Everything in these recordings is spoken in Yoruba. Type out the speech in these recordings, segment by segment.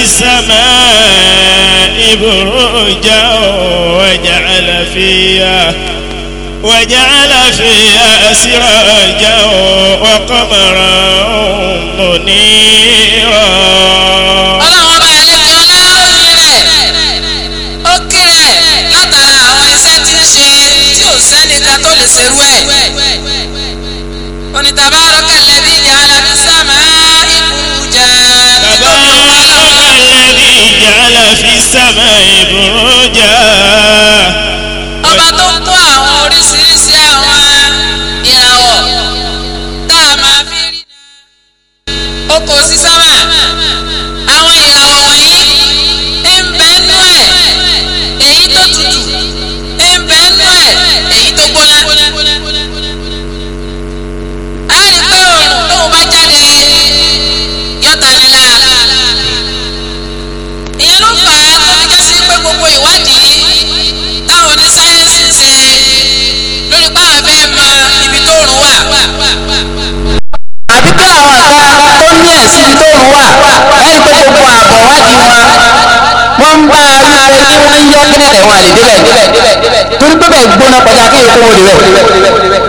السماء برجا وجعل فيها وجعل فيها سراجا وقمرا منيرا onítàbárọ̀kẹ́ السماء بروجا bẹ́ẹ̀ wọn àlè débẹ̀ torí pé bẹ́ẹ̀ gbóná kọjá kí èkó wọn lè rẹ̀.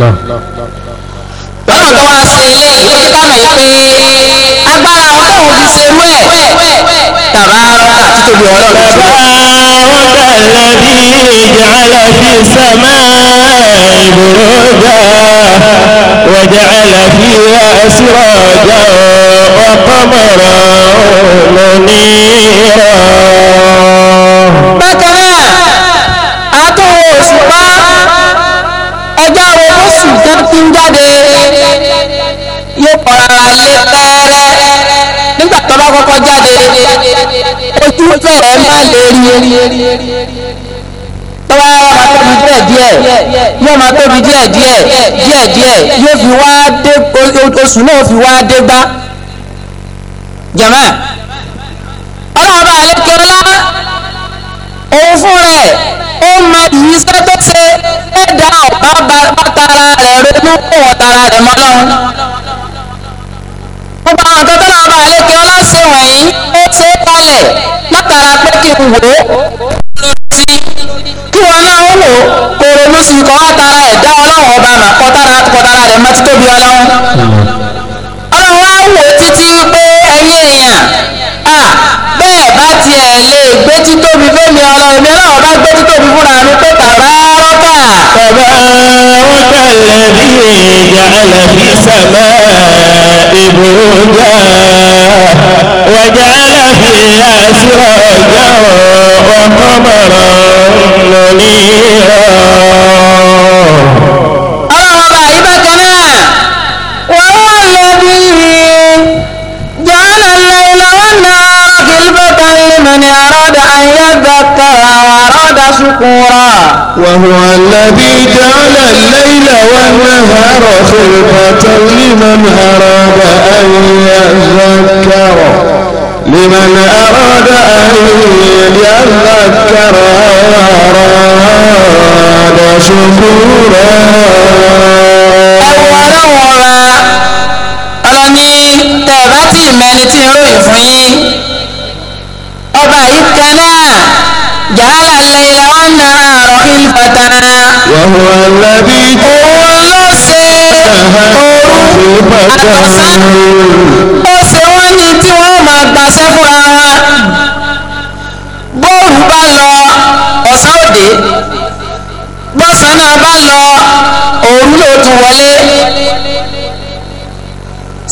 lọ́nà tó wá ilé yìí ó yìí pé agbára àwọn fi ṣe rú ẹ̀ tàbárọ́kà títóbi ọlọ́run tó. tàbárọ́kà lẹ́bí ìjàlá fi sàmà ìbúrọ́jà wàjàlá fi àṣírọ̀jà ọ̀pọ̀ mọ̀ràn lónìí rọ̀ bákan náà àtọwò òṣùpá ọjọ́ àwọn oṣù tó ti ń jáde yóò kọ́ra lé pẹ́ẹ́rẹ́ nígbà tó bá kọ́kọ́ jáde ojú fẹ́rẹ̀ má lè rí tọ́wọ́ yóò máa tóbi díẹ̀ díẹ̀ yóò máa tóbi díẹ̀ díẹ̀ díẹ̀ díẹ̀ yóò fi wá dé oṣù náà fi wá dé bá jàmáà ọlọ́ọ̀bá ẹ̀ ó mọ ìyíṣẹ́ tó ṣe ẹ̀dá ọ̀bá bàtàrà rẹ̀ ronú kó ọ̀tàrà rẹ̀ mọ́ lọ́run. gbogbo àwọn kan tó náà bá lékè ọlá ṣe wọ̀nyí ó ṣe é kalẹ̀ látara pé kí n wò ó kí wọn náà wò kó ronú sí kọ́ àtàrà ẹ̀dá ọlọ́run ọba mà kọ́tàrà kọ́tàrà rẹ̀ mọ́ títóbi ọlọ́run. ọlọ́run wá wò títí pé ẹ̀yin èèyàn lè gbé títóbi fẹ́mi ọlọ́run mi ọlọ́run bá gbé títóbi fúnra mi pé tàbárọ́kà. tàbárọ́kà lẹ́bí ìjàlẹ̀ fi sàmà ìbòjá wàjàlẹ̀ fi àṣírọ̀ ọjà ọkọ̀ mọ̀ràn lónìí. من أراد أن يذكر وأراد شكورا وهو الذي جعل الليل والنهار خلفة لمن أراد أن يذكر لمن أراد أن يذكر وأراد شكورا أولا ولا ألني تابتي من تيروي ọba yìí kan náà jàálà lẹ́yìn wọn nara àròhìn bàtà. wàhùn alábí. òun ló ṣe òru àtọ̀sán. ó ṣe wọ́n ní tí wọ́n máa gbàṣẹ́ fúnra wa. bóòrù bá lọ ọ̀sán òde bọ́sán náà bá lọ òru ló tún wọlé.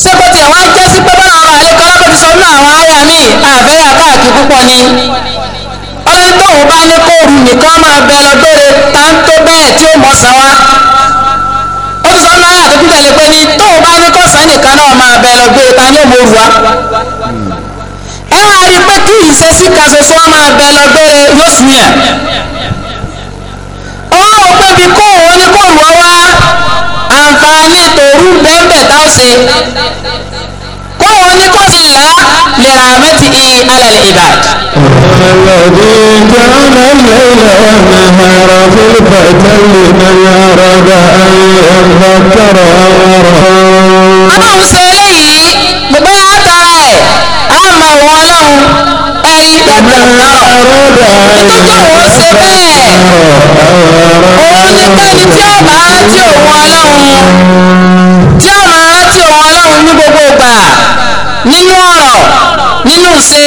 ṣé kò tiẹ̀ wá jẹ́ sí pé báwọn ọmọ àlekọ́lá kò ti sọ nínú àwọn àyà mi àfẹ́yà pàtàkì púpọ̀ ni ọlọ́run tóun bá ní kóòrù nìkan máa bẹ lọ gbére ta ń tó bẹ́ẹ̀ tí ó mọ̀ sàn wá ó tún sọ náírà tó tún tẹ̀lé pé ní tóun bá ní kọ̀sán nìkan náà máa bẹ lọ gbére ta ni ó mọ̀ òrùwa ẹ wá rí i pé kí ìṣesí kan ṣoṣo wọn máa bẹ lọ gbére yóò sùn yẹn ọwọ́ pé bí kóòrù ó ní wá àǹfààní tòru bẹ́ẹ̀ bẹ́ẹ̀ tá ó ṣe ní kó sì là lè ra mẹ́tì i alẹ́ ìbàd. الذي جعل الليل والنهار خلفة لمن أراد أن يذكر أو يرهق. Ọlọ́run ṣe eléyìí gbogbo látara ẹ̀ á mọ̀ wọ́n lọ́hùn ẹ̀rí yàtọ̀ náà. Ìtọ́jú òun ṣe bẹ́ẹ̀. Òun ní pẹ́ni tí ó bá rántí òun Ọlọ́run tí ó máa rántí òun Ọlọ́run ní gbogbo ìgbà nínú ọ̀rọ̀ nínú ṣe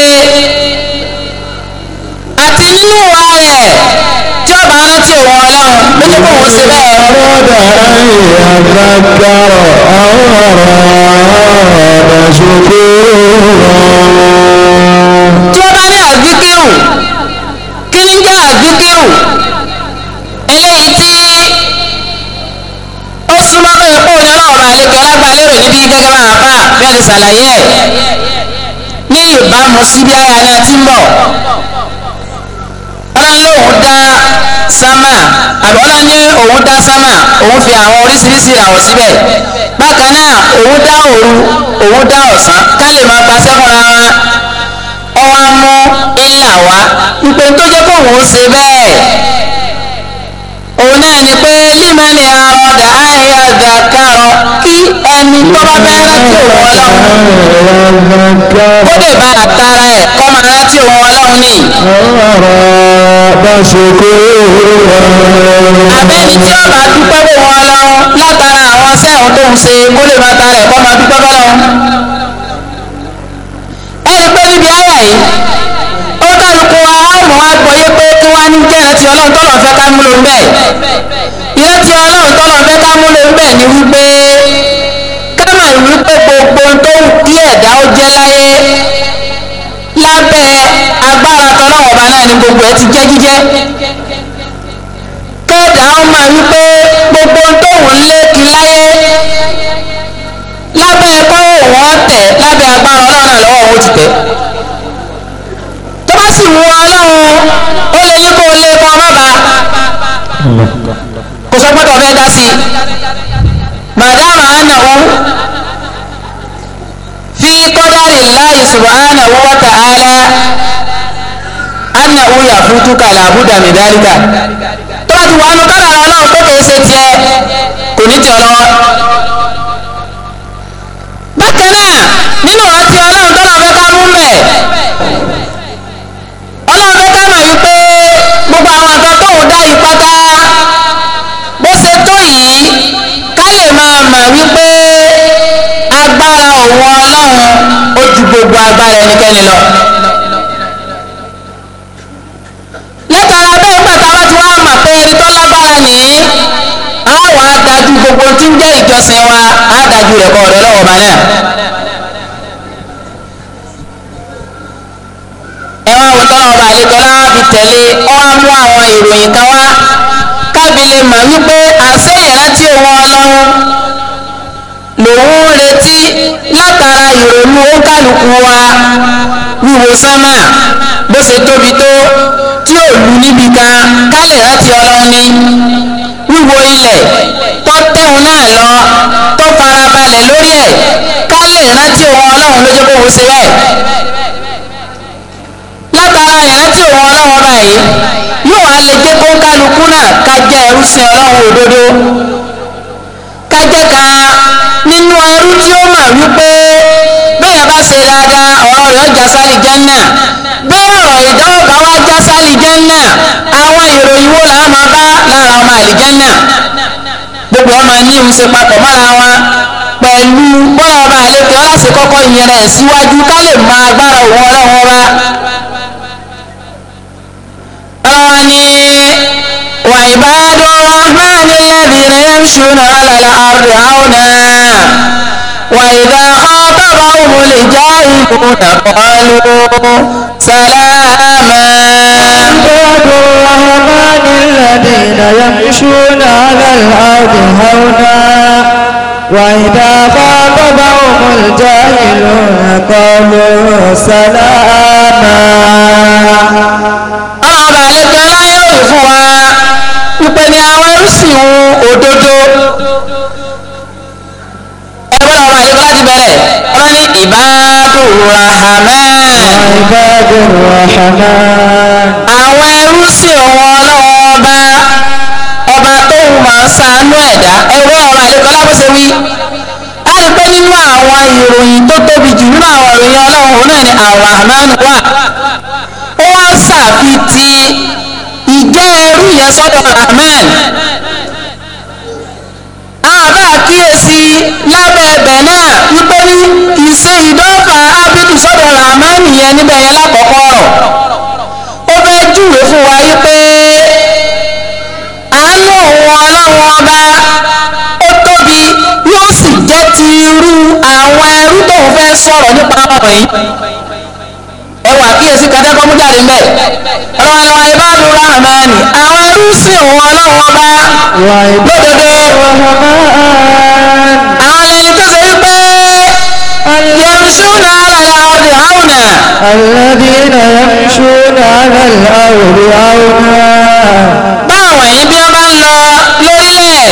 àti nínú wa rẹ̀ tí ọba rántí òun ọlọ́run ló ní kó òun ṣe bẹ́ẹ̀. ọ̀rọ̀dà ayé àgbàgbà àwọn ọ̀rọ̀ ṣòkè rọ̀. tí ó bá ní àdúkìrù kí ní jẹ́ àdúkìrù eléyìí kúrò níbí gẹ́gẹ́ bá wọn bá bí wọ́n ti ṣàlàyé ẹ̀ ní ìbámu sí bí àyà náà ti ń bọ̀ ọlọ́run dá sámà àbọ̀lá ní òun dá sámà òun fi àwọn oríṣiríṣi ìràwọ̀ síbẹ̀ bákan náà òun dá òru òun dá ọ̀sán ká lè máa pa sẹ́kọ̀ọ́ ara ọwọ́ á ńlá wá ìpè tó jẹ́ kóun ó ṣe bẹ́ẹ̀ òun náà ni pé límọ̀lẹ̀ àròdà àyà zakarọ kí ẹni tó bá fẹ́ rántí òun ọlọ́run ó lè bá àtàrà ẹ̀ kọ́ máa rántí òun ọlọ́run ní. abẹ́ni tí ó bá dúpẹ́ wò wọn ọlọ́run látara àwọn sẹ́hùn tó ń ṣe kó lè bá tara ẹ̀ kọ́ máa dúpẹ́ fọlọ́run. ẹni pé níbi àyà yìí ó kálukú wa á mọ̀ pé. kí wá ní jẹ́ ìrántí ọlọ́run tọ́lọ̀ fẹ́ ká múlò ọlọ́run tọ́lọ̀ fẹ́ ká múlò ni wípé kámà wípé gbogbo tó ń kí ẹ̀dá ó jẹ́ láyé lábẹ́ agbára tọ́lọ́run ọba náà ni gbogbo ẹ ti jẹ́ jíjẹ́ kẹ́ẹ̀dá ó máa wípé gbogbo sì mú ọlọ́run ó lè ní kó lè kọ́ ọmọ bá kò sọ pé tọ́fẹ́ dá sí màdáàmà ànàwó fi kọ́dárì láì subhanahu wa ta'ala ànàwó yàfútú kàlàbúdà mìdálíkà tó bá ti wà nù kọ́dà ọlọ́run tó kèé ṣe tiẹ̀ kò ní ti ọlọ́wọ́ bákan náà nínú ọtí ọlọ́run tó lọ́ọ́ fẹ́ ká mú mẹ́ẹ̀ ọlọ́run fẹ́ ká mọ̀ yìí pé gbogbo àwọn nǹkan tóun dá yìí pátá bó ṣe tó yìí ká lè máa mọ̀ wípé agbára òun ọlọ́run ó ju gbogbo agbára ẹnikẹ́ni lọ. látara bẹ́ẹ̀ gbàtà wá ti wá mọ̀ pé ẹni tó lágbára nìyí á wàá gbogbo tí ń jẹ́ ìjọsìn wa á rẹ̀ kọ́ ọ̀dọ́ lọ́wọ́ bá náà. ẹ̀wọ̀n àwòtọ́lá ọba àlejòlá fi tẹ̀lé ọwọ́ mú àwọn ìròyìn kan wá kábìlì mọ̀ wípé àṣẹ ìrántí òun ọlọ́run lòun ń retí látara ìrònú ókàlùkù wa wíwo sánmà bó ṣe tóbi tó tí ò lu níbi kan ká lè rántí ọlọ́run ní wíwo ilẹ̀ tó tẹ̀hún náà lọ tó farabalẹ̀ lórí ẹ̀ ká lè òun ọlọ́run lójú ṣe bẹ́ẹ̀ ara ìrántí òun ọlọ́run ọba yìí yóò wá lè jẹ́ kó kálukú náà ká jẹ́ ẹrú sí ọlọ́run òdodo ká jẹ́ ká nínú ẹrú tí ó mà wípé bẹ́ẹ̀ bá ṣe dáadáa ọ̀rọ̀ rẹ̀ ọjà sálì jẹ́nà bẹ́ẹ̀ ọ̀rọ̀ ìdáwọ̀ bá wá já sálì jẹ́nà àwọn ìròyìn wo làá máa bá lára ọmọ àlìjẹ́nà gbogbo ọmọ ní ìhùnsẹ̀ papọ̀ mọ́ra wọn pẹ̀lú bọ́lá ọba àlejò ọlá ṣe kọ́kọ́ ìyẹn rẹ̀ síwájú ká lè mọ agbára òun ọlọ́run ọba. وعباد الرحمن الذين يمشون على الأرض عونا وإذا خاطبهم الجاهلون قالوا سلاما عباد الرحمن الذين يمشون على الأرض هونا وإذا خاطبهم الجاهلون قالوا سلاما ṣàlàyé fún wa ìpè ní àwọn ẹrúsìn òdodo ẹgbẹ́ ọ̀rọ̀ àyè láti bẹ̀rẹ̀ wọ́n ní ìbádùn rahamẹ́. àwọn ẹrúsìn òun ọlọ́wọ́ ọba ọba tóun máa ń ṣàánú ẹ̀dá ẹgbẹ́ ọ̀rọ̀ àyè kọ́lá bó ṣe wí pé nínú àwọn ìròyìn tó tóbi jù nínú àwọn ìròyìn ọlọ́run náà ni àwọn àmánù wà ó wá ṣàfitì wá ẹrú yẹn sọ́dọ̀ rahman àbá kíyèsí lábẹ́ ẹ̀bẹ̀ náà wípé ní ìṣe ìdọ́fà ábídù sọ́dọ̀ rahman yẹn níbẹ̀ yẹn lákọ̀ọ́kọ́ rọ̀ ó fẹ́ júwe fún wa wípé àánú òun ọlọ́run ọba ó tóbi yóò sì jẹ́ ti irú àwọn ẹrú tóun fẹ́ sọ̀rọ̀ nípa ọ̀rọ̀ yìí wà kíyèsí kàtẹ́kọ́ mú jáde mbẹ́ ọlọ́wọ́n ni wọ́n ibà lu rahmani àwọn ẹrúsìn wọn ọlọ́wọ́n bá lódodo àwọn ẹni tó ṣe wípé yẹmṣúná àlàlà ọdẹ àwùnà. alladhina yẹmṣúná àlàlà ọdẹ àwùnà. báwọn yìí bí wọ́n bá ń lọ lórílẹ̀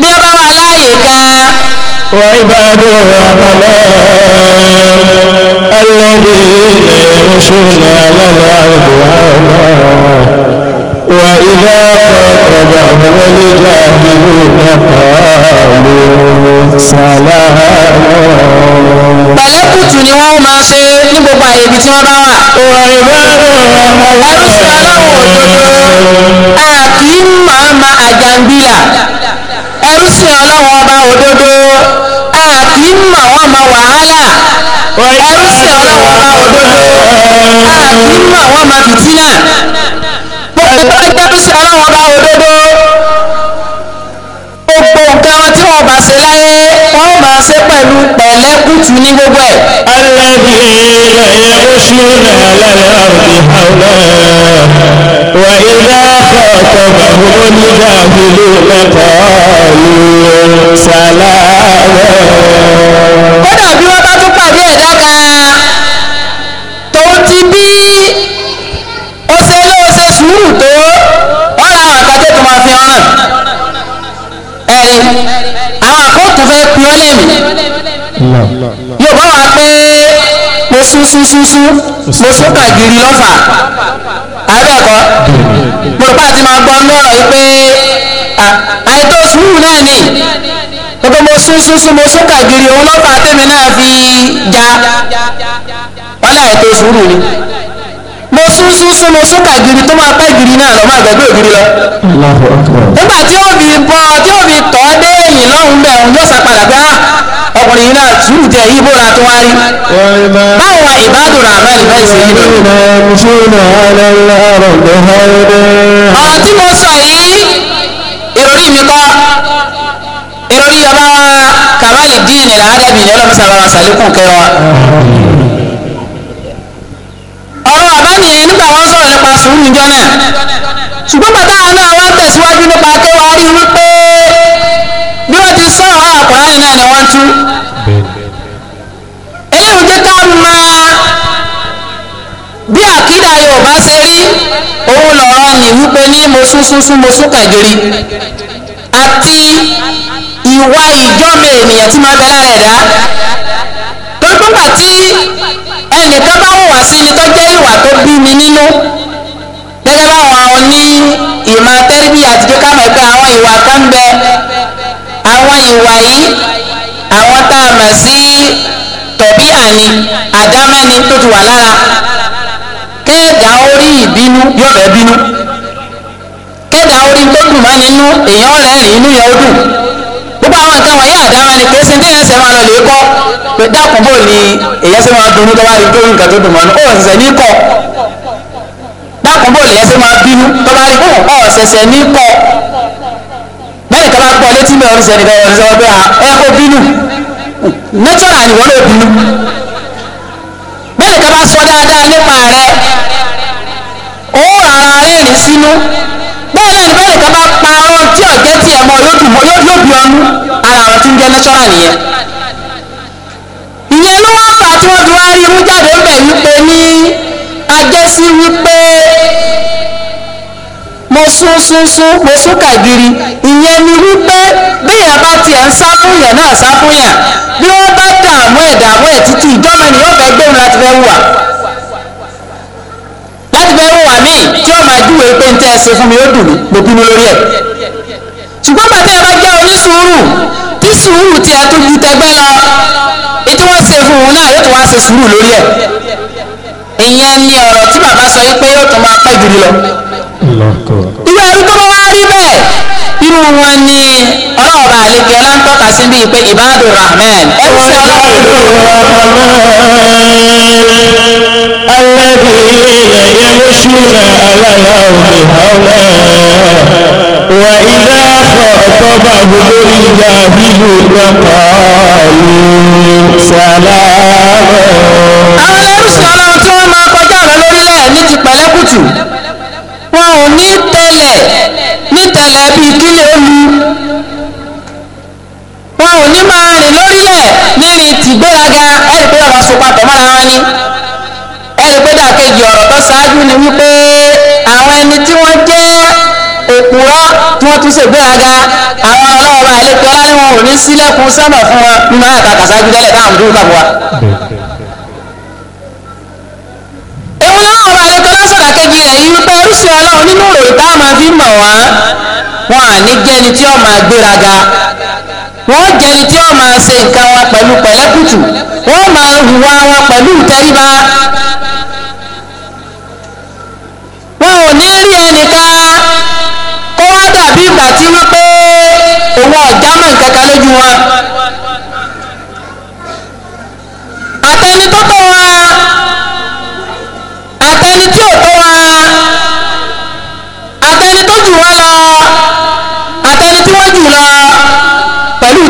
bí wọ́n bá wà láàyè kan. وعباد الرحمن الذين يمشون على الأرض وإذا خاطبهم الجاهلون قالوا سلاما pẹ̀lẹ́kùtù ni wọ́n máa ṣe ní gbogbo àyè ibi tí wọ́n bá wà. ẹrú sí aláwọ̀ òdodo a kì í máa ma àjàngbìlà ẹrúsìn ọlọ́run ọba òdodo àti mọ̀ wọ́n mọ wàhálà ẹrúsìn ọlọ́run ọba òdodo àti mọ̀ wọ́n mọ fìtínà gbogbo ẹrúsìn ọlọ́run ọba òdodo gbogbo nǹkan tí wọ́n bá ṣe láyé pẹ̀lú pẹ̀lẹ́kùtù ní gbogbo ẹ̀. alábi ilẹ̀ oṣùnà aláràbí àwọnà wà ilá àkọ́kọ́ bàbá oníjà ìlú mẹ́ta ló ṣàlàyé. ó dàbí wọn bá tún pàdé ẹ̀dá kan tòun ti bí ó ṣe ló ṣe àwọn àkọ́ fẹ́ pin ọ́ lẹ́yìn yóò bá wà pé mo sún sún sún sún mo sún kàgìrì lọ́fà àbẹ́ẹ̀kọ́ mo rò pé àti máa gbọ́ lọ́rọ̀ yìí pé àìtó sùúrù náà ni gbogbo mo sún sún sún mo sún kàgìrì òun lọ́fà tèmi náà fi ja wọ́n láì tó sùúrù ni mo sún sún sún mo sún kàgiri tó máa pẹ́ giri náà lọ máa gbàgbé ògiri lọ. nígbà tí ó fi bọ́ tí ó fi tọ́ dé èyìn lọ́hùn-ún bẹ̀rùn yóò sá padà pé ah, ọkùnrin yìí náà sùúrù jẹ yìí bóra tó wá rí. báwo wa ìbádùn àmọ́ ìfẹ́ ìsèyí lọ. ọ̀rọ̀ tí mo sọ yìí ìròrí mi kọ́ ìròrí ọba wa kàmáàlì díìnì làádẹ́bì ọlọ́mọ sábà wa sàlékùn kẹwàá ọ̀rọ̀ àbámi yìí nígbà wọ́n sọ̀rọ̀ nípa sùúrù níjọ́ náà ṣùgbọ́n bàtà náà wọ́n tẹ̀síwájú nípa tó wá rí wípé bí wọ́n ti sọ̀rọ̀ àkùránì náà ni wọ́n tú eléyìí jẹ́ ká máa bí àkídà Yorùbá ṣe rí òun lọ̀rọ̀ ni wípé ní mo sún sún sún mo sún kàjọrí àti ìwà ìjọ́mọ ènìyàn tí máa bẹ lára ẹ̀dá tó ń tí ẹnìkan bá hùwà sí ni tó jẹ́ ìwà tó bí mi nínú gẹ́gẹ́ báwọn ní ìmọ̀ tẹ́rìbì àtijọ́ ká mọ̀ pé àwọn ìwà kan bẹ àwọn ìwà yìí àwọn tá a mọ̀ sí tọ̀bí àní àdámẹ́ni tó ti wà lára kẹ́ẹ̀dá orí ìbínú yóò bẹ́ẹ̀ bínú kẹ́ẹ̀dá orí tó dùn mọ́ nínú èèyàn rẹ̀ rìn inú yẹn ó dùn àwọn nǹkan wọ̀nyí àdára ni kì í sin déyàn máa lọ lè kọ́ pé dákun bò ní èyàn ṣe máa dunnú tó bá rí dórí nǹkan tó dùn mọ́nú ó ṣẹ̀ṣẹ̀ ní kọ́ dákun bò lèyàn ṣe máa bínú tó bá rí bóun ó ṣẹ̀ṣẹ̀ ní kọ́ bẹ́ẹ̀ kí wọ́n bá gbọ́ létí mi ọ̀rùn sẹ́ni bẹ́ẹ̀ ọ̀rùn sẹ́ni bẹ́ẹ̀ ẹ kó bínú natural ni wọ́n lè bínú bẹ́ẹ̀ kí wọ́n bá sọ dáadáa nípa rẹ̀ ó rárá rẹ́rìn sínú jẹ́ natural nìyẹn ìyẹn ló wá fà tí wọ́n fi wá rí irú jáde ń bẹ̀ wípé ní ajẹ́sí wípé mo sún sún sún mo sún kàgiri ìyẹn ni wípé béèyàn bá tiẹ̀ ń sá fún yàn náà sá fún yàn bí wọ́n bá dààmú ẹ̀ dààmú ẹ̀ títí ìjọba ni yóò fẹ́ gbóhùn láti fẹ́ wùwà láti fẹ́ wùwà míì tí ó máa júwèé pé ń tẹ́ ẹ ṣe fún mi ó dùn mí mo bínú lórí ẹ̀ ṣùgbọ́n bàtẹ́ ẹ bá jẹ́ onísùúrù ní sùúrù tí a tó ju tẹgbẹ́ lọ ètò wọn ṣe fún òun náà yóò tún wá ṣe sùúrù lórí ẹ ìyẹn ni ọ̀rọ̀ tí bàbá sọ yìí pé yóò tún máa pẹ́ jù lọ. ìwé ẹrú tó bá wá rí bẹ́ẹ̀ irú wọn ni ọlọ́ọ̀bà àlejò ọlá sí bíi pé ìbádùn rahman. ẹ̀rọ ìbádùn rahman alladhina yamshuna ala al-ardi hawna wa idha khatabahum al-jahiluna qalu salama. àwọn ẹrú sọ̀rọ̀ tí wọ́n máa kọjá lọ lórílẹ̀ ní ti pẹ̀lẹ́kùtù. ni ẹni pé dàkejì ọ̀rọ̀ tó ṣáájú ni wípé àwọn ẹni tí wọ́n jẹ́ òpùrọ́ tí wọ́n tún ṣègbéraga àwọn ọlọ́wọ́ bá ilé tọ́lá ni wọn ò ní sílẹ̀kùn sábà fún wọn nínú àyàtà kàṣáájú tẹ́lẹ̀ táwọn dúró kàbọ̀ wa. èwo lọ́wọ́ bá ilé tọ́lá sọ̀rọ̀ kejì rẹ̀ yìí wípé oríṣi ọlọ́run nínú ìròyìn táwọn máa fi mọ̀ wá wọn à ní jẹ́ni tí ó máa gbéraga wọ́n jẹni tí wọ́n máa ṣe nǹkan wọn pẹ̀lú pẹ̀lẹ́kùtù wọ́n máa hùwà wọn pẹ̀lú ìtẹríba wọn ò ní rí ẹnìkan kó wá dàbí ìgbà tí wípé òun ọ̀já mọ̀ nǹkan kan lójú wọn àtẹni tó tọ́ wọn.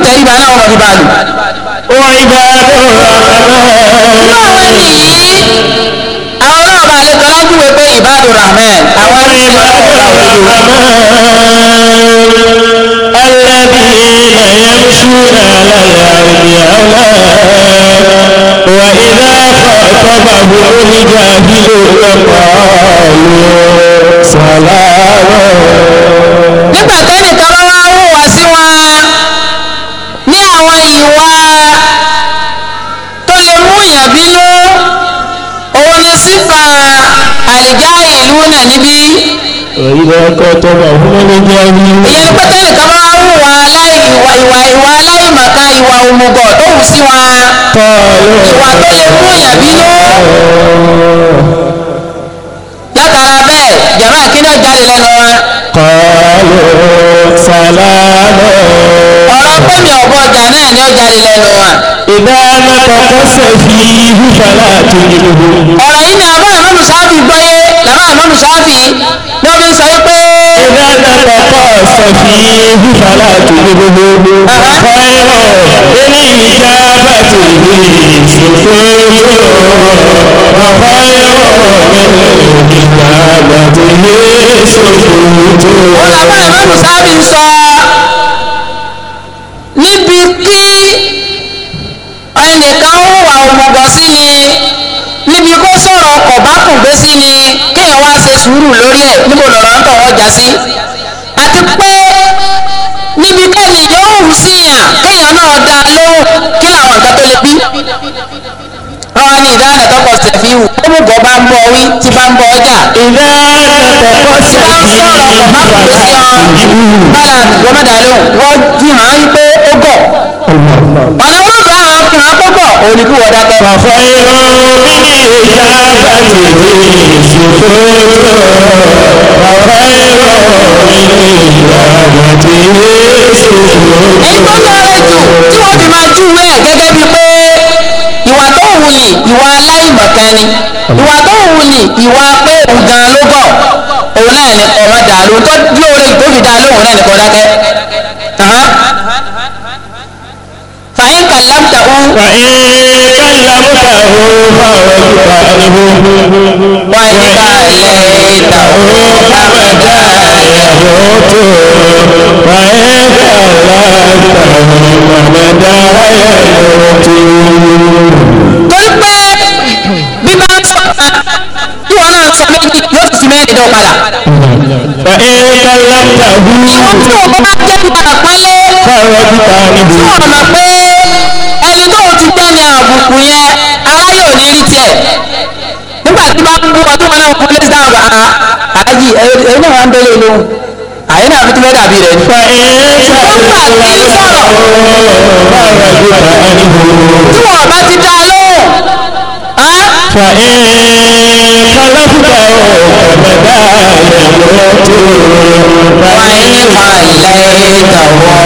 tẹríba náà wọn ti bá lò. ó rí bá a tó rà lọ́wọ́. inú àwọn ẹni yìí àwọn náà bá lè pé ìbádùn rahman àwọn ní ìbádùn rahman. الذين يمشون على الأرض هونا وإذا خاطبهم الجاهلون قالوا سلاما. nígbà tẹ́lẹ̀ kan ìwà tó lè mú yàn bínú òun ni sífà àlìjá ìlú náà níbí. èyí ló kọ́ tó bá òun ló jẹ́ rí. ìyẹn ni pé tẹ́lẹ̀ kan máa ń hùwà láì ìwà ìwà ìwà aláìmọ̀ká ìwà òmùgọ̀ tó hù sí wa. ìwà tó lè mú yàn bínú. látara bẹ́ẹ̀ jàmáà kí ni ó jáde lẹ́nu wa. kọ́ ló. jáde lẹ́nu wa. ìdá mẹ́kọ̀ọ́kọ́ sẹ́fì ìhúfàlà àti ìdìbò. ọ̀rọ̀ yìí ni àbá ìmọ̀nù sáfì gbọ́yé làbá ìmọ̀nù sáfì ló fi sọ pé. ìdá mẹ́kọ̀ọ́kọ́ sẹ́fì ìhúfàlà àti ìdìbò. ọ̀rọ̀ ẹni ìjà bá ti rí ìṣòfò yóò ọ̀rọ̀ ẹni ìjà bá ti rí ìṣòfò yóò. sùúrù lórí ẹ̀ níbo lọ̀rọ̀ ń tọ̀rọ̀ ọjà sí. àti pé níbi kẹ́ni yóò hù sí yàn kéèyàn náà dá a lóhùn kí làwọn nǹkan tó lè bí. wọ́n ní ìdáhùn ẹ̀tọ́kọ̀ sẹ̀fí wù ó mú bọ́ bá ń bọ wí tí bá ń bọ ọjà. ìdáhùn ẹ̀tọ́kọ̀ sẹ̀fí wù bá ń sọ̀rọ̀ bá kò sí ọ òní kí wọ́n dákẹ́. Fàfọ́ irun mi ní ìjà bàtì ní ìṣòfò. Fàfọ́ irun mi ní ìjà bàtì ní ìṣòfò. Èyí tó lọ́ọ̀rẹ́ jù tí wọ́n fi máa júwe ẹ̀ gẹ́gẹ́ bíi pé ìwà tó wù ní ìwà aláìmọ̀kan ni. Ìwà tó wù ní ìwà pé òun gan ló gọ̀. Òun náà ni ọ̀rọ̀ dàlú tó lóore tó dá lóhùn náà ni kò kàlámtàhù. wà á kàlámtàhù fàrọ̀dùkà àdìbò. wà á kàlẹ̀ ìtàhù fàmàdà yàwó tó. wà á kàlámtàhù fàmàdà yàwó tó. torí pé bí bá ń sọ tí wọn náà sọ méjì yóò sì mẹ́rin dọ̀ padà. wà á o bá jẹ́ ẹni tó o ti gbẹ́ni àbùkù yẹn aráyé ò ní rí tiẹ̀ nígbà tí bá ń bú wọn tó mọ náà kún bá a àyè ẹ̀yin náà ń bẹ́lẹ̀ lóhùn àyè náà fi ti fẹ́ dàbí rẹ̀ nípa ẹ̀ nígbà sọ̀rọ̀ tí wọ́n bá ti dá lóhùn. فإن خلفته فبدال الموت وإن خليته فبدال الموت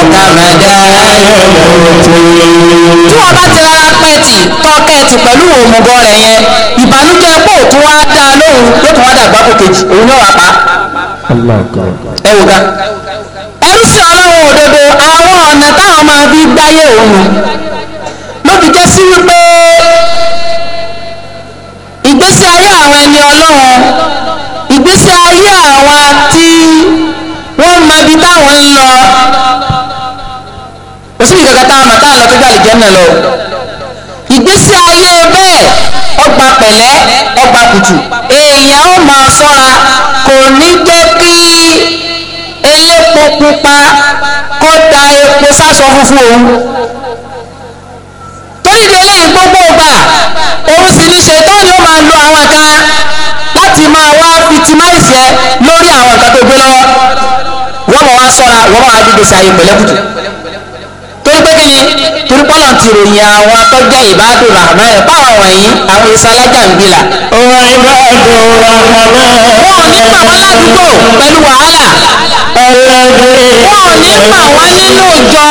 tí wọ́n bá ti rárá pẹ́ẹ̀tì tọ́kẹ́ẹ̀tì pẹ̀lú òmùgọ̀ rẹ̀ yẹn ìbànújẹ́ pò tó wá dá lóhùn yóò tó wá dàgbà kò kejì òun náà wà pa. ẹ wò ká ẹrú sí ọlọ́run òdodo àwọn ọ̀nà táwọn máa fi gbáyé òun ló fi jẹ́ sí wípé ìgbésí ayé àwọn ẹni ọlọ́run ìgbésí ayé àwọn tí wọ́n mọ ibi táwọn ń lọ kò sí ìkẹ̀kẹ́ táwọn mọ̀ táwọn lọ tó gbàlè jẹ́ náà lọ ìgbésí ayé bẹ́ẹ̀ ọgbà pẹ̀lẹ́ ọgbà kùtù èèyàn ó máa ṣọ́ra kò ní jẹ́ kí elépo pupa kó da epo sáṣọ funfun òun torí ìdílé yìí gbogbo gbà. ti máa wá fitimáìsì ẹ lórí àwọn nǹkan tó gbé lọ́wọ́ wọ́n mọ̀ wá sọ́ra wọ́n mọ̀ wá dídèsí ayé pẹ̀lẹ́kùtù torí pé kíni torí pọ́lọ̀ ti ròyìn àwọn atọ́jà ìbádù rahman báwọn wọ̀nyí àwọn ìsalájà ń gbìlà. ọ̀rọ̀ ní pa wọn ládùúgbò pẹ̀lú wàhálà. ọlọ́dẹ. wọn ò ní pa wọn nínú ìjọ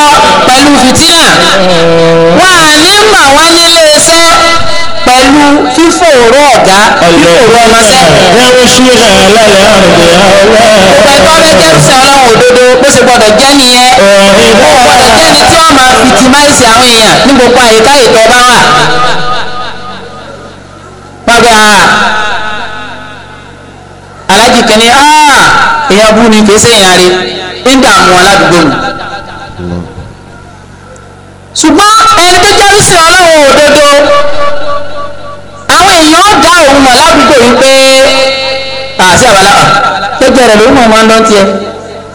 pẹ̀lú fìtínà. wọn à ní pa wọn nílé iṣẹ́ pẹ̀lú fífòòró ọ̀gá fífòòró ọmọṣẹ́. ẹ̀rù ṣe rẹ̀ lálẹ́ àrùn ìyá ọlọ́run. gbogbo ẹ̀tọ́ fẹ́ jẹ́rìsẹ̀ ọlọ́run òdodo bó ṣe gbọ́dọ̀ jẹ́ nìyẹn. ó gbọ́dọ̀ jẹ́ ni tí wọ́n máa fìtìmáìsì àwọn èèyàn ní gbogbo àyíká ìtọ́ bá wà. pàgbà ah, alájì kìíní ah, èèyàn bú ni kìí ṣèyàn rí ń dààmú aládùúgbò mi. ṣùgbọ́n ẹni tó jẹ́rìsẹ̀ ọlọ́run òdodo pè yí pé àṣẹ àbálá pẹ́jẹ rẹ̀ lórí mọ̀ọ́mọ́ lọ́n tiẹ̀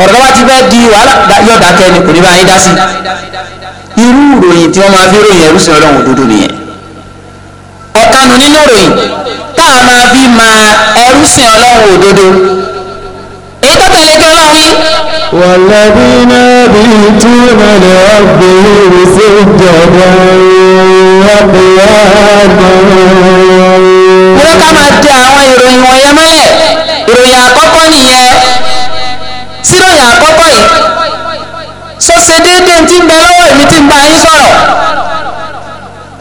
ọ̀rọ̀ lọ́wọ́ ti fẹ́ di wàhálà yóò dákẹ́ ni kò ní bá yín dá sí irú ìròyìn tí wọ́n máa fi ròyìn ẹrú sí ọlọ́run òdodo nìyẹn ọ̀kanu nínú ìròyìn tá a máa fi máa ẹrú sí ọlọ́run òdodo èyí tó tẹ̀lé tó lọ́wọ́ yìí. والذين يبيتون لربهم سجدا وقياما jẹ́ ká máa di àwọn ìròyìn wọ̀nyẹn mọ́lẹ̀ ìròyìn àkọ́kọ́ nìyẹn síròyìn àkọ́kọ́ yìí sọ́sẹ̀ déédéé ti ń bẹ lọ́wọ́ èmi ti ń bá yín sọ̀rọ̀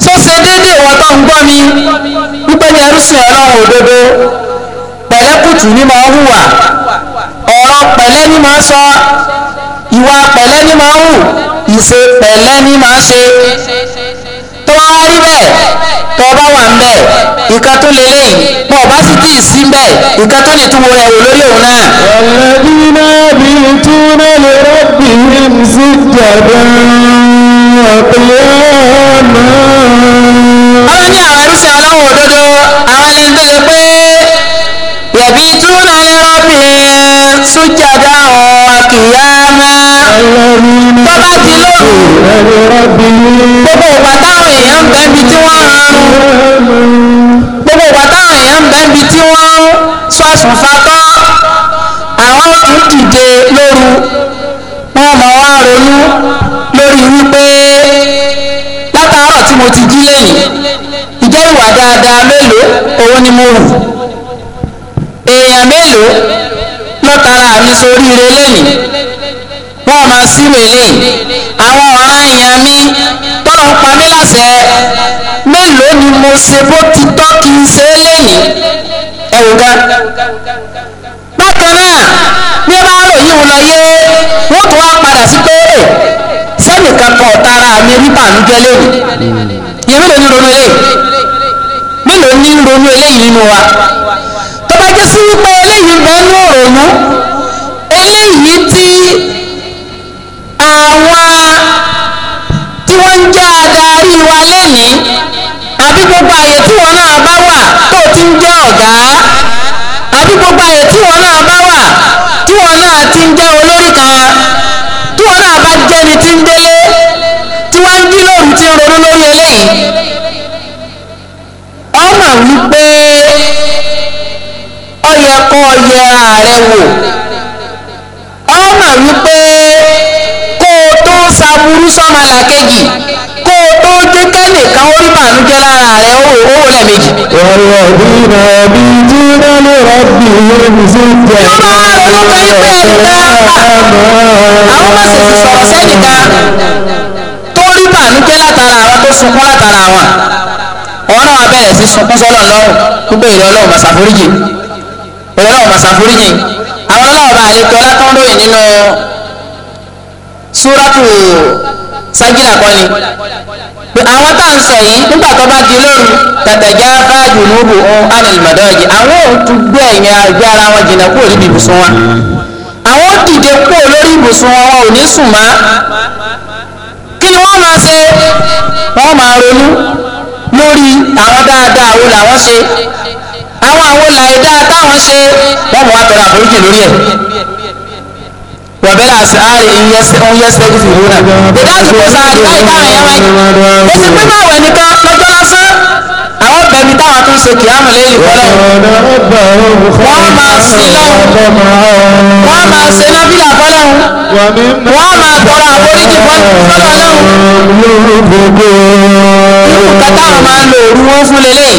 sọ́sẹ̀ déédéé ìwọ tó ń gbọ́ mi wípé ní ẹrú ọlọ́run òdodo pẹ̀lẹ́kùtù ni máa hùwà ọ̀rọ̀ pẹ̀lẹ́ ni máa sọ ìwà pẹ̀lẹ́ ni máa hù ìṣe pẹ̀lẹ́ ni máa ṣe tó wá rí bẹ́ẹ̀ tó bá wà ń bẹ́ẹ̀ ìkan tó lélẹ́yìn bọ́ọ̀ bá sì tì í sí bẹ́ẹ̀ ìkan tó lè tún wo rẹ̀ lórí òun náà. mọ́rù èèyàn mélòó lọ́tara àmì sórí ire lẹ́yìn wọ́n máa sírò eléyìí àwọn ọ̀ràn èèyàn mi tọ́lọ̀ ń pa mí láṣẹ mélòó ni mo ṣe bó ti tọ́ kí n ṣe é lẹ́yìn ẹ̀wù gan. bákan náà bí wọ́n á ròyìn wọn lọ yé wọ́n tún wá padà sí pé sẹ́nìkan kan ọ̀tara àmì rí bàánú jẹ́ lẹ́yìn ìyẹn ni ronú eléyìí mélòó ní ronú eléyìí nínú wa tó bá jẹ́ sí wípé eléyìí bọ́ ní òrònú eléyìí tí àwọn tí wọ́n ń jẹ́ adarí wa lónìí àbí gbogbo àyè tí wọn náà bá wà tó ti ń jẹ́ ọ̀gá àbí gbogbo àyè tí wọn náà bá wà tí wọn náà ti ń jẹ́ olórí kan tí wọn náà bá jẹ́ni tí ń délé tí wọ́n ń dín lóru tí ń ronú lórí eléyìí wípé ó yẹ kó o yẹra rẹ wò ó mà wípé kó o tó ṣaburú sọ́mọlàkejì kó o tó jẹ́ kẹ́nìkan ó rí bànújẹ́ lára rẹ ó wò ó lẹ́ẹ̀mejì. ọ̀rọ̀ ìrìnà bí jíná lè rọ́bì ìrìn sí jẹ́ àwọn máa sì ti sọ̀rọ̀ sẹ́nìkan tó rí bànújẹ́ látara àwọn tó sunkún látara àwọn àwọn náà bẹ̀rẹ̀ sí sunkún sọ́lọ̀ lọ́rùn gbogbo ìlú ọlọ́run màsàforíjì ọlọ́run màsàforíjì àwọn ọlọ́run bá àlejò ọlátọ́ndóyè nínú súrátù sájìlá kọ́ni àwọn tá à ń sọ yìí nígbà tó bá di lóru tàtàjà fáájú lóru ohun alìmọ̀dọ́jì àwọn ò tún gbé ẹ̀yìn àgbẹ̀ ara wọn jìnnà kúrò níbi ibùsùn wa àwọn ò dìde kúrò lórí ibùsùn wọn wọn ò ní sùn mọ́ kí ni wọ́n máa ṣe wọ́n máa ronú lórí àwọn dáadáa wo làwọn ṣe àwọn àwọn làìdá táwọn ṣe wọ́n mọ̀ wá tọrọ àforíjì lórí ẹ̀ wàbẹ́rẹ́ àṣàárẹ̀ ìyẹsẹ̀ ìyẹsẹ̀ ìfìwúrà ìdájú kò sáà láì bá àyàn wáyé èsì pípẹ́ àwẹ̀ nìkan lọ́jọ́ lásán àwọn bẹ̀mí táwọn tún ṣe kìámù lẹ́yìn fọlọ́ wọ́n máa sí lọ́hùn wọ́n máa ṣe nábìlà fọlọ́ wọ́n máa tọrọ àforíjì fọlọ́ lọ́hùn. irú nǹkan táwọn máa ń lo òru wọn fún lélẹ̀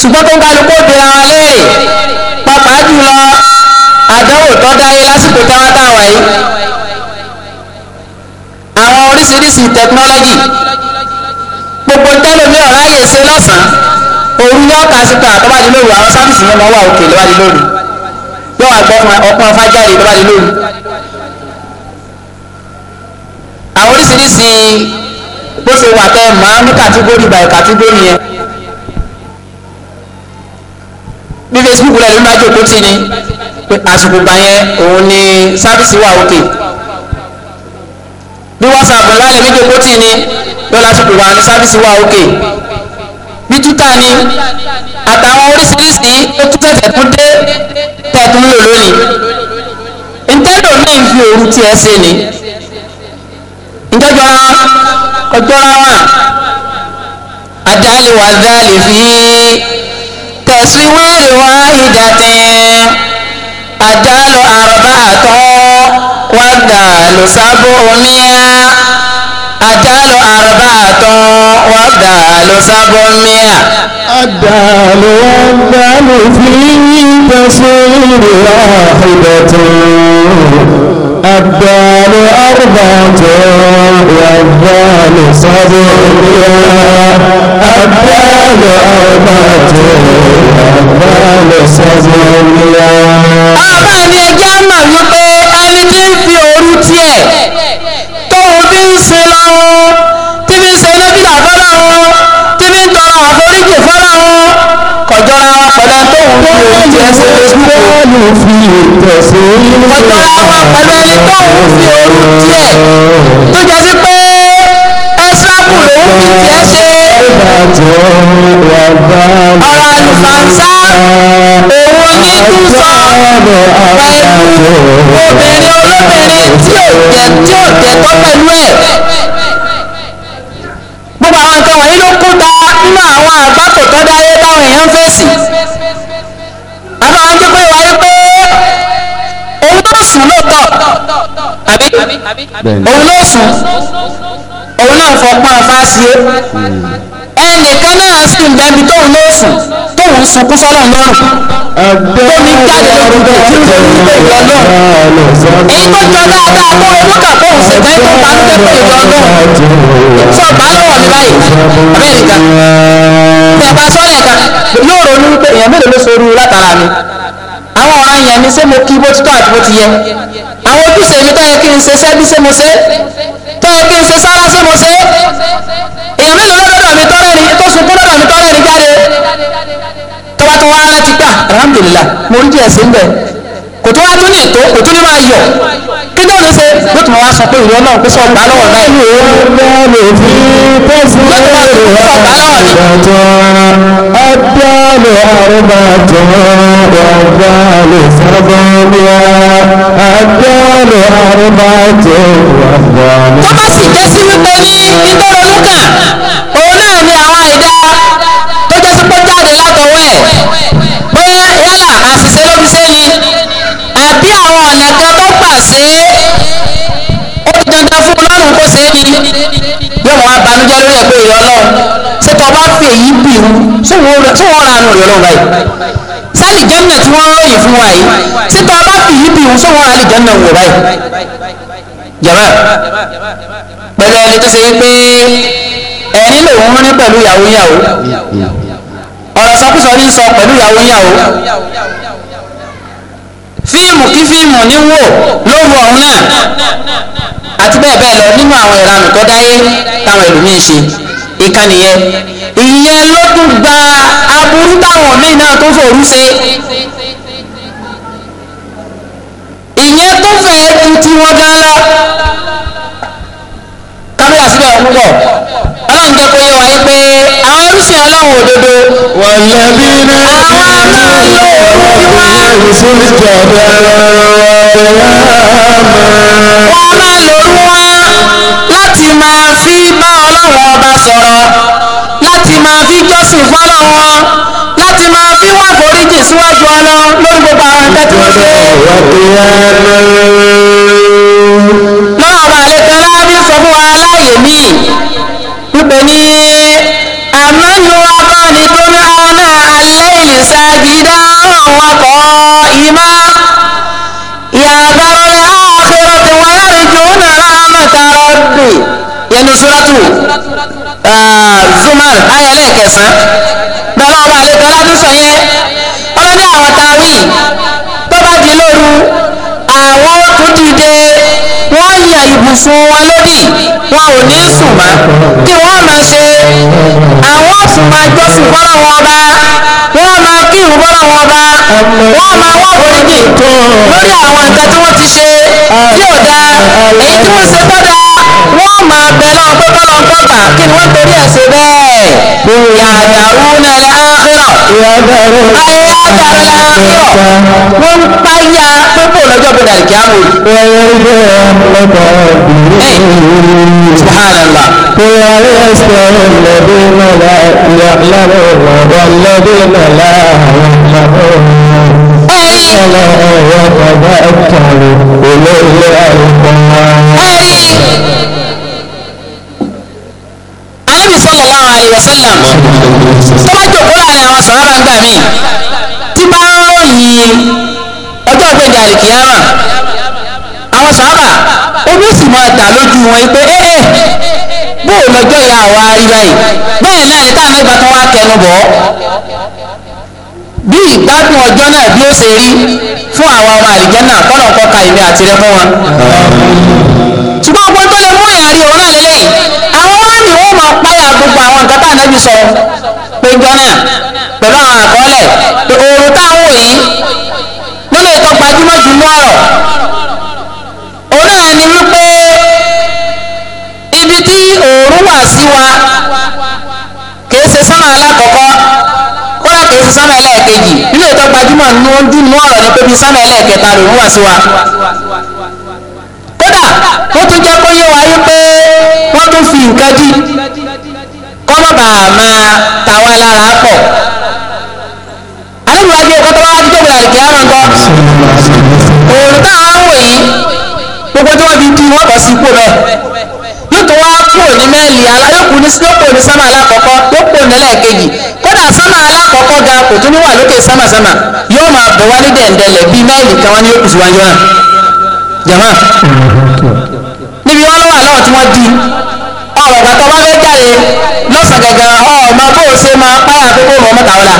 ṣùgbọ́n tó ń kálukú obìnrin àwọn léèrè pàápàá jùlọ àdánwò tó dáyé lásìkò táwọn táwọn yìí àwọn oríṣiríṣi tẹkinọ́lọ́gì gbogbo ntẹ́lómi ọ̀rá yè ṣe lọ́sàn-án òru yọ ọ̀ka síta tọ́ba di lóru àwọn sáfìsì yẹn máa wà òkè lọ́ba di lóru yọ àgbọ̀ ọ̀pọ̀ fájáde tọ́ba di lóru. àwọn oríṣiríṣi bó ṣe wà tẹ màá ní kàtígórì bàì kàtígórì yẹn bí Facebook lẹ́nu máa jòkó tí ni àsìkò gbà yẹn òun ni sáfìsì wà òkè bí WhatsApp lálẹ́ méjì kó tí ni lọ́la ṣùkú wa ní sáfíìsì wa òkè bí túta ni àtàwọn oríṣiríṣi tó tún tẹ̀sẹ̀ tún dé tẹ̀tún lò lónìí ntẹ́lò míì fi òru tiẹ̀ ṣe ni ntẹ́jọ́ ọjọ́ rárá àdáàlì wà dáàlì fi tẹ̀síwáàlì wá ìdàtẹ̀ àdáàlù àrùbá àtọ́ wà dáàlù sábò omiya àjálù àrùbá àtọ́ wọ́n dàlú sábọ́míà. àdàlù àdàlù fi tẹ̀síìrì àhìbẹ̀tì. àdàlù àrùbá àtọ́ wọ́n dàlú sábọ́míà. àdàlù àrùbá àtọ́ wọ́n dàlú sábọ́míà. àbá ni ẹjẹ́ àmà wípé ẹni ń fi òru tiẹ̀ sin lọ́wọ́ tí fi ń ṣe nẹ́bílà fọ́láwọ́ tí fi ń tọrọ àforíjì fọ́láwọ́ kọjọ́ra wa pẹ̀lú tóun fi ojú ẹsẹ̀ lójú kọjọ́ra wa pẹ̀lú ẹni tóun fi ojú tó jẹ́ sí pé lòun ti tiẹ̀ ṣe. ọ̀rọ̀ àlùfáàṣà òun ní túnṣọ pẹ̀lú obìnrin olóbìnrin tí ò jẹ́ tí ò jẹ́ tọ́ pẹ̀lú ẹ̀. gbogbo àwọn nǹkan wọ̀nyí ló kú ta nínú àwọn àgbákò tó dáyé táwọn èèyàn fèsì. bàbá wa jẹ́ pé wáyé pé òun ló sùn lóòótọ́ àbí òun ló sùn òun náà fọpọ́n fásié ẹnìkan náà sì ń bẹ́ẹ̀ bí tóun ló sùn tóun sunkún sọ́nà lọ́rùn tómi jáde lórí bẹ́ẹ̀ tí ó ń bẹ ìlọ lọ́rùn èyí tó jọ dáadáa kó ewu kà kó òun sì bẹ́ẹ̀ tó bá ń tẹ́ pé ìlọ lọ́rùn sọ bá lọ́wọ́ ní báyìí abẹ́rẹ́ ìjà tẹ̀pá sọ́nà ẹ̀ka yóò ronú pé èèyàn mélòó ló sorú látara mi àwọn ọ̀ràn yẹn ni ṣé mo kí bó ti tọ́ àti bó ti yẹ àwọn ojúṣe mi tó yẹ kí n ṣe ṣẹ́bí ṣé mo ṣe pé bí n ṣe sára sí mo ṣe èèyàn mélòó lọ́dọ̀ mi tọ́rẹ́ ni tó sunkún lọ́dọ̀ mi tọ́rẹ́ ni jáde tọ́ba tó wá láti gbà ah, alhamdulillah mo rí díẹ̀ sí ń bẹ̀ kò tó wá tún ní ètò kò tún ní máa yọ̀ kíjọ́ ló ṣe ló tún wá sọ pé ìwọ náà kó sọ ọgbà lọ́wọ́ náà. ìwọ lè fi tẹ̀sí ọgbà lè àrùbá tó ọgbà lè sábà níyà ọgbà lè àrùbá tó ọgbà lè. tó bá sì jẹ́ sí wípé ní ìtọ́rọ̀ lúkà. kó ṣe é ní yóò mọ abanújẹ́ lórí ẹgbẹ́ ìyọ Ọlọ́run ṣé tó bá fè yí bì í tí wọn ránú rẹ lọrùn báyìí sáàlì jẹmínà tí wọn ròyìn fún wa yìí ṣé tó bá fè yí bì í tí wọn ránú jẹmínà wò báyìí jẹmọ pẹ̀lú ẹni tó ṣe é pé ẹni lòun rí pẹ̀lú ìyàwó yàwó ọ̀rọ̀ sọkúsọ ní sọ pẹ̀lú ìyàwó yàwó fíìmù kí fíìmù ní wò lóru ọ̀hún náà àti bẹ́ẹ̀ bẹ́ẹ̀ lọ nínú àwọn ìranù tó dáyé táwọn ẹlòmíín ṣe ìkànnì ìyẹn ló tún gba aburú táwọn míì náà tó fòrú ṣe ìyẹn tó fẹ́ẹ́ ju tiwọn gan lọ kámẹ́rà síbẹ̀ púpọ̀ ọlọ́run jẹ́ kó yé wa yí pé àwọn ẹrúsìn ọlọ́run òdodo. wàlẹ́bí náà àwọn náà yóò rú tiwa. wọ́n máa jọ́sìn fọ́lọ́ wọn láti máa fi wá foríjì síwájú ọlọ lórí gbogbo àwọn ẹgbẹ́ tí wọ́n ṣe. lọ́wọ́ ọba àlejò aláàbí sọ fún wa aláàyè mi wípé ní àmọ́yò akọni tó ní ọ̀nà alẹ́ ìlísà jìdá àwọn ọkọ̀ ìmá ìyàgbọ́n rẹ̀ áàkérò tí wọ́n yọ̀rì jù náà rámọ̀tà rọ̀bì yẹnu súrátù. Al-Anfal ayé ẹlẹ́ẹ̀kẹsàn-án bẹ́ẹ̀ ọba àlejò ọlọ́dúnṣọ yẹn ọlọ́dẹ àwọn táwí tó bá di lóru àwọn tó dìde wọ́n yà ibùsùn wọn lódì wọn ò ní sùn mọ́ kí wọ́n máa ṣe àwọn sùn máa jọ́sìn fọ́lọ́ wọn bá wọ́n máa kírun fọ́lọ́ wọn bá wọ́n máa wá òrìjì lórí àwọn nǹkan tí wọ́n ti ṣe tí ò dáa èyí tí wọ́n ṣe tó dáa wọ́n máa bẹ̀ lọ́wọ́ pé kọ́lọ́ sábà kí ni wọ́n torí ẹ̀ ṣe bẹ́ẹ̀. yàdàrú nàlẹ́ àkírọ̀. yàdàrú nàlẹ́ àkírọ̀. wọ́n ń páyà pípò lọ́jọ́ bọ̀dà ìkíámù. wọ́yẹ̀rẹ̀ lọ́kọ̀ ọ̀gbìn. subhanallah. kúrẹ́rẹ́ ẹ̀sẹ̀ lẹ́bí nàlá yàgbẹ́rẹ́ ọ̀gbà lẹ́bí nàlá ọ̀gbà lẹ́bí nàlá ọ̀gbà alayhi wa sallam tó bá jòkó láàrin àwọn sàhábà ń gbà mí tí bá ń ròyìn ọjọ́ ìgbẹ́jà àlìkìyàmà àwọn sàhábà omi sì máa dà lójú wọn pé ẹ ẹ bóò lọ́jọ́ ìyá àwa rí báyìí bẹ́ẹ̀ náà ni táwọn ẹgbàá kan wá kẹnu bọ̀ bí ìgbádùn ọjọ́ náà bí ó ṣe rí fún àwọn ọmọ àlìjẹ́nà kọ́nà kọ́ka ìmí àtirẹ́ fún wọn ṣùgbọ́n ọgbọ́n tó lè mú ìrìn òun náà lélẹ́yìí. Ànábì sọ pé jọ́nà pẹ̀lú àwọn àkọọ́lẹ̀ pé oòrùn táwọn wò yìí nínú ìtọ́ gbajúmọ̀ jù mú ọ̀rọ̀ òun náà ni wípé ibi tí oòrùn wà sí wa kìí ṣe sánmà alákọ̀ọ́kọ́ kódà kìí ṣe sánmà ẹlẹ́ẹ̀kejì nínú ìtọ́ gbajúmọ̀ ní wọ́n dùn mú ọ̀rọ̀ ni pé bí sánmà ẹlẹ́ẹ̀kẹta lòún wà sí wa kódà ó tún jẹ́ kó yé wa yí pé wọ́n tún fi nǹkan jí kọ́mọ̀ bá a máa ta wá lára pọ̀ alẹ́ ìwádìí ẹ̀kọ́ tó bá wá dídé gbèrè àlèkè àmọ́ nǹkan òòrùn táwọn ń wò yìí gbogbo tí wọ́n fi di wọ́n bọ̀ sí ipò bẹ́ẹ̀ yóò tó wá kúrò ní mẹ́ẹ̀lì aláyọ̀kù ní sílọ́pọ̀ ní sámà alákọ̀ọ́kọ́ yóò kúrò nílẹ̀ kejì kódà sámà alákọ̀ọ́kọ́ ga kò tún ní wà lókè sámàsámà yóò máa bọ̀ wá ní dẹ̀ndẹ̀lẹ̀ bíi mẹ́ẹ̀lì kan wá ní yókù síwájú náà jàmá níbi wọn lọ́wọ́ àlọ́ tí wọ́n di ọ̀rọ̀ kan tó bá fẹ́ jáde lọ́sàn gangan ọmọ bó o ṣe máa páyà pé kó o mọ́ta ọ̀la.